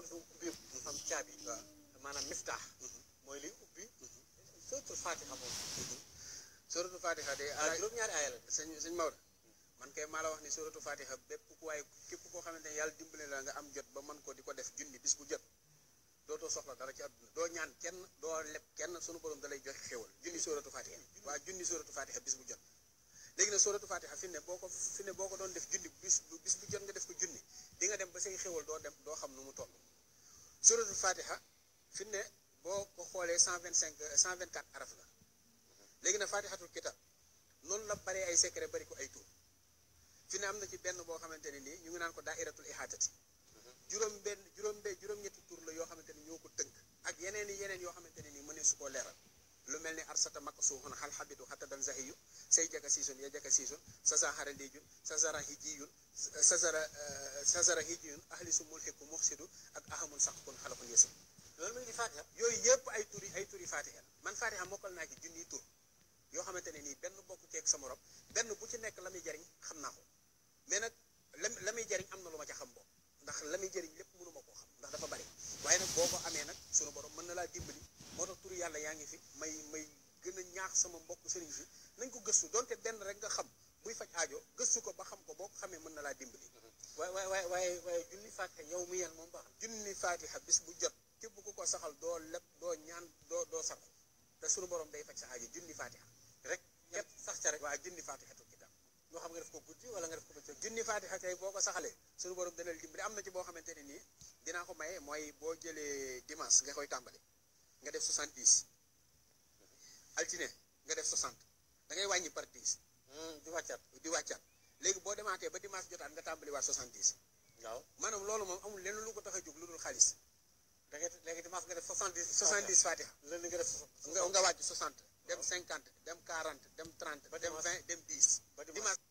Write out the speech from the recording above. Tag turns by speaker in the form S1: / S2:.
S1: loolu du ubbi mu xam caabi. waaw maanaam miftaax. Mhm. mooy liy ubbi. Mhm. suratul fatiha moom. Mhm. suratul fatiha de. ah juróom-ñaari aaya la sëñ sëñ Maodo. man kay maa la wax ni suratul fatiha bépp ku waaye képp koo xamante ne yàlla dimbale la nga am jot ba man ko di ko def junni bis bu jot. dootoo soxla dara ci àdduna doo ñaan kenn doo leb kenn sunu borom da lay joxe xéwal junni sóoratu fatiha waa junni sóoratu fatiha bis bu jot léegi nag sóoratu fatiha fi ne boo ko fi boo ko doon def junni bis bis bu jot nga def ko junni di nga dem ba say xéwal doo dem doo xam nu mu toll سورة الفاتحة فين بو كخولي 125 124 عرف لا لكن الفاتحة الكتاب لون لا بري اي سكر بري كو اي تور فين امنا تي بن بو خامتاني ني نيغي نانكو دائرة الإحاطة جروم بن جروم بي جروم نيت تور لا يو خامتاني نيوكو تنك اك يينين يينين يو خامتاني ني مني سوكو ليرال لو ملني ارسات مكسو هنا حل حبيتو حتى دان زهيو سيزون يا سيزون ساسا حارل ديجون ساسا سازر آه، سزر هيدين أهل سمو الحكم مفسدو أك أهم سقطون خلق يسوع لون من الفاتحة يو يب أي توري أي توري فاتحة من فاتحة مقل ناكي جني تور يو هم تنيني بنو بوكو تيك سمورب بنو بوتي نك لم يجرين خم ناكو من لم لم يجرين أم نلو ما جخم بو دخل لم يجرين لب منو ما كو خم دخل فبري وين بوكو أمينك سنو برو من لا ديبلي مرة توري يلا يانغي في ماي ماي جن نياخ سمو بوكو سنيجي نكو غسو دون تدن رنغ خم buy faj aajo gëstu ko ba xam ko boo ko xamee mën na laa dimbali waaye waaye waaye waaye waaye junni faatiha yow mi yel moom baax junni faatiha bis bu jot képp ku ko saxal doo leb doo ñaan doo doo sax te borom day faj sa aajo junni faatiha rek képp sax ca rek waa junni faatiha tu kitab ñoo xam nga def ko guddi wala nga def ko bëccëg junni faatiha tey boo ko saxalee sunu borom dana la dimbali am na ci boo xamante ne nii dinaa ko maye mooy boo jëlee dimanche nga koy tàmbali nga def 70 altine nga def 60 da ngay wàññi par 10 Hmm, di wàccaat di wàccaat léegi boo demaatee ba dimanche jotaat nga tàmbaliwaat 70. waaw maanaam loolu moom amul lenn lu ko tax a jóg lu dul xaalis. da ngay léegi dimanche nga def 70. 70 Fatiha léegi nga def nga nga wàcc 60. dem 50 dem 40 dem 30. ba dem 20 dem 10. ba dimanche.